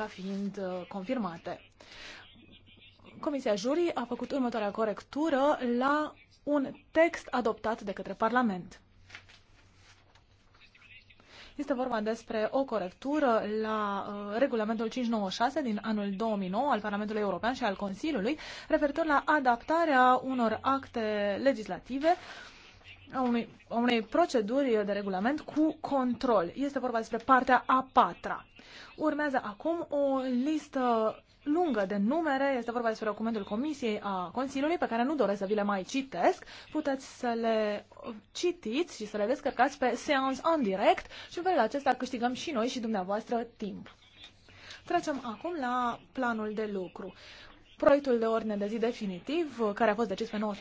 ca fiind uh, confirmate. Comisia Jurii a făcut următoarea corectură la un text adoptat de către Parlament. Este vorba despre o corectură la uh, regulamentul 596 din anul 2009 al Parlamentului European și al Consiliului referitor la adaptarea unor acte legislative uh, a unei, a unei proceduri de regulament cu control. Este vorba despre partea a patra. Urmează acum o listă lungă de numere, este vorba despre documentul Comisiei a Consiliului, pe care nu doresc să vi le mai citesc. Puteți să le citiți și să le descărcați pe Seance on Direct și în felul acesta câștigăm și noi și dumneavoastră timp. Trecem acum la planul de lucru. Proiectul de ordine de zi definitiv, care a fost decis pe 9